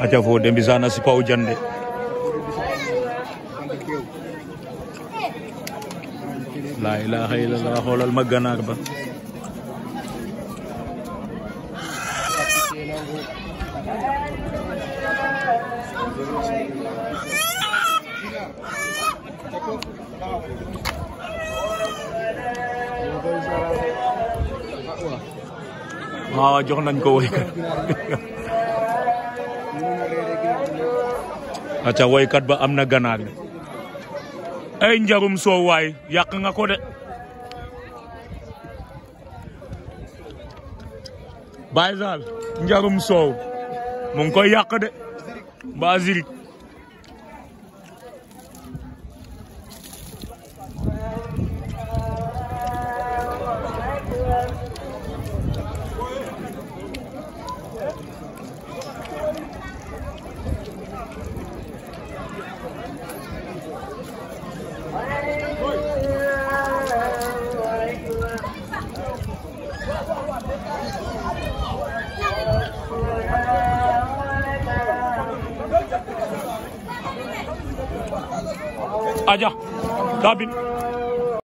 aca fo de mbisana si o jande la ilaha illallah holal ma ba Ah, jangan kau. ikut. aca woykat ba am na ganaar ay njarum soow waay yàq nga ko de Baye Zal njarum soow mu ngi koy yàq de mbaa zirik 大家，嘉宾。